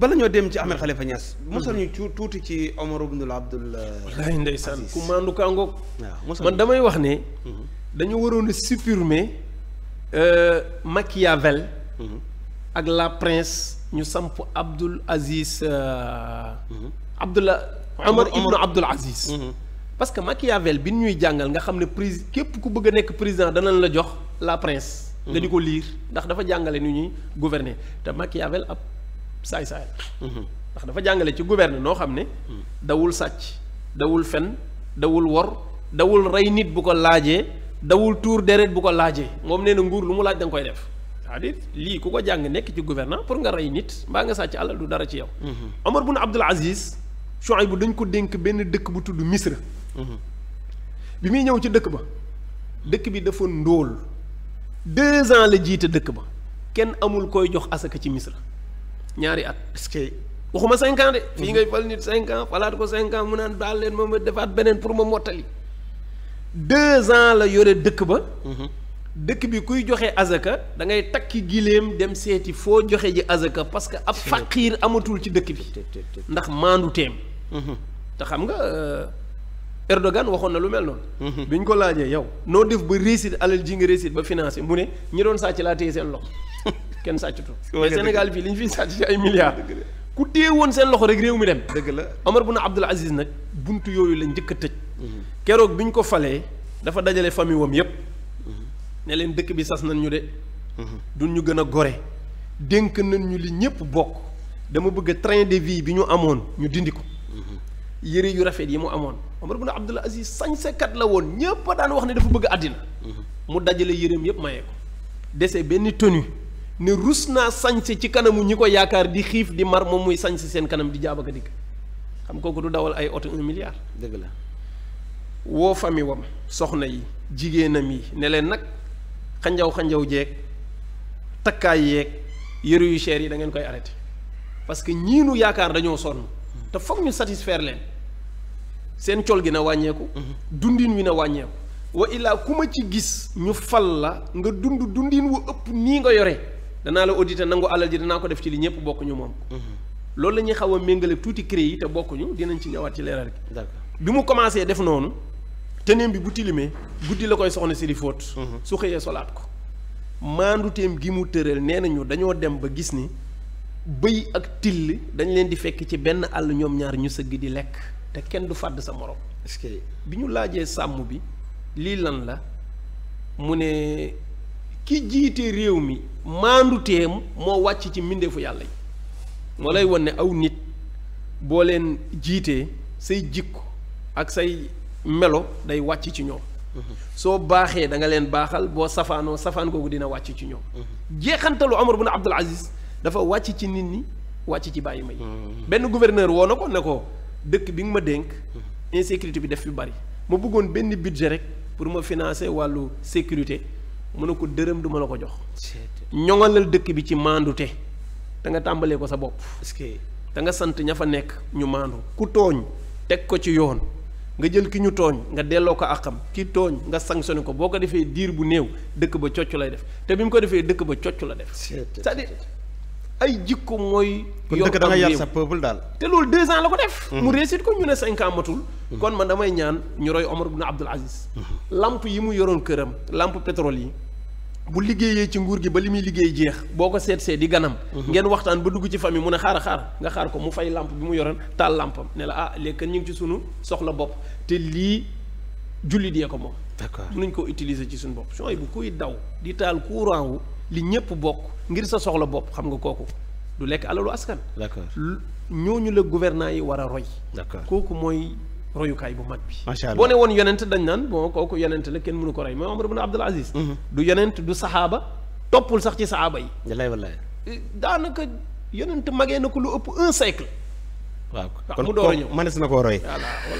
bala ñoo dem ci Ahmed Khalifa Niass. mosal ñu tuuti ci Omar ibn Abdul euh, wallaahi ndeysaan ku maandu kàngoog man damay wax ne. Mhm. dañu waroon a supprimer euh, mhm. ak la prince ñu samp Abdul Aziz. Euh, mhm. Abdullah Omar ibn Abdul Aziz. parce que Machiavel bi ñuy jàngal nga xam ne prise képp ku bëgg a nekk président danañ la jox la prince. nga di ko liir ndax dafa jàngale nu ñuy gouverner te Machiavel ab. saay saay mhm. ndax dafa jàngale ci gouverne noo xam ne mhm. dawul sàcc dawul fen dawul wor dawul rey nit bu ko laajee dawul tuur deret bu ko laajee moom nee na nguur lu mu laaj da koy def cest à lii ku ko jàng nekk ci gouvernant pour nga rey nit mbaa nga sàcc alal du dara ci yow mhm. Omar bun Abdul Aziz Chouaïb bu dañ ko dénk benn dëkk bu tudd Misra bi muy ñëw ci dëkk ba dëkk bi dafa ndóol deux ans la jiite dëkk ba kenn amul koy jox asaka ci Misra ñaari at. est que waxuma cinq ans de. Mhm. fii ngay fal nit cinquant ans falaat ko cinq mu naan baal leen moom ma defaat beneen pour ma mottali. deux la yore dëkk ba. Mhm. dëkk bi kuy joxe azaka dangay ngay takki gileem dem seeti foo joxe ji azaka parce que ab faqiir amatul ci dëkk bi ndax maandu teem mhm. te xam nga euh, Erdogan waxoon na lu mel noonu bi ñu ko laajee yow noo def ba réussite alal ji nga réussite ba financé mu ne ñi doon sàcc laa téye seen loxo kenn sàccatu mais Sénégal bii li ñu fiy sàcc ci ay milliards ku téye woon seen loxo rek réew mi dem dëgg la Omar Boun Abdul Aziz nag bunt yooyu la njëkk a tëj mhm. keroog bi ñu ko falee dafa dajale famille wam yépp mhm. ne leen dëkk bi sas nañ ñu de mhm. du ñu gën a gore dénk na ñu li ñëpp bokk dama bëgg train de vie bi ñu amoon ñu dindi ko yëre yu rafet yi mu amoon Omar Boun Abdul Aziz sañsekat la woon ñëpp daan wax ne dafa bëgg àddina mu dajale yëreem yépp mayee benn tenue ne rus naa sañse ci kanamu ñi ko yaakaar di xiif di mar moom muy sañse seen kanam di jaab ak a dikk xam kooku du dawal ay oto un milliard dëgg la woo fami wam soxna yi jigéenam yi ne leen nag xanjaw xanjaw jeeg takkaay yeeg yëre yu cher yi da ngeen koy arrêté parce que ñii nu yaakaar dañoo sonn te foog ñu satisfaire leen seen col gi na wàññeeku dundin wi na wàññeeku wa illaa ku ma ci gis ñu fal la nga dund dundiin wu ëpp nii nga yore danaa la auditer nangu alal ji danaa ko def ci li ñëpp bokk ñu moom mhm. loolu la ñuy xaw a méngale tuuti cré yi te bokkuñu dinañ ci ñëwaat ci leeral gi bi mu commencé def noonu teneem bi bu tilimee guddi la koy soxna si di fóot mhm. su xëyee solaat ko maanduteem gi mu tëral nee nañu dañoo dem ba gis ni bëy ak till dañ leen di fekk ci benn àll ñoom ñaar ñu sëgg di lekk te kenn du fàdd sa moroom est que bi ñu laajee sàmm bi lii lan la mu ne ki jiite réew mi maandu teem moo wàcc ci mbindeefu yàlla yi moo lay won ne aw nit boo leen jiitee say jikko ak say melo day wàcc ci ñoom soo baaxee da nga leen baaxal boo safaanoo safaan googu dina wàcc ci ñoom jeexantalu Omar bin Abdul Aziz dafa wàcc ci nit ñi wàcc ci bàyyi may mm-hmm. benn gouverneur woo ko ne ko dëkk bi nga ma dénk mm-hmm. insécurité bi def fi bari ma bëggoon benn budget rek pour ma financer wàllu sécurité mën ne ko dërëm du ma la ko jox. ñoŋalal dëkk bi ci maandute te nga tàmbalee ko sa bopp. est-ce da nga sant ña fa nekk ñu maandu ku tooñ teg ko ci yoon. nga jël ki ñu tooñ nga delloo ko àqam ki tooñ nga sanctionné ko boo ko defee diir bu néew dëkk ba cocc lay def te bi mu ko defee dëkk ba cocc la def c'est-à-dire ay jikko mooy. yor da nga yar sa peuple daal. te loolu deux ans la ko def. Mhm. mu réussite ko ñu ne cinq ans mhm. kon ma damay ñaan ñu roy Omar ibn Abdul Aziz. Mhm. lamp yi mu yoroon këram lamp pétrole yi. bu liggéeyee ci nguur gi ba li muy liggéey jeex boo ko seet see di ganam. ngeen waxtaan ba dugg ci famille mu ne xaar xaar nga xaar ko mu fay lamp bi mu yoroon taal lampam ne la ah léegi ñu ngi ci sunu soxla bopp te lii jullit yee ko moom. d'accord mënuñ ko utiliser ci suñu bopp sooy bu kuy daw di taal courant wu li ñëpp bokk ngir sa soxla bopp xam nga kooku du lekk alalu askan. d'accord ñooñu la gouvernant yi war a roy. d'accord kooku mooy royukaay bu mag bi. macha allah boo ne woon yonent dañ naan bon kooku yonent la kenn mënu ko rey mooy Omar ibn Abdul Aziz. Mhm. du yonent du saxaaba toppul sax ci saxaaba yi. wallaay wallaay. Eh, daanaka yonent magee na ko lu ëpp un siècle. waaw kon kon na koo roy.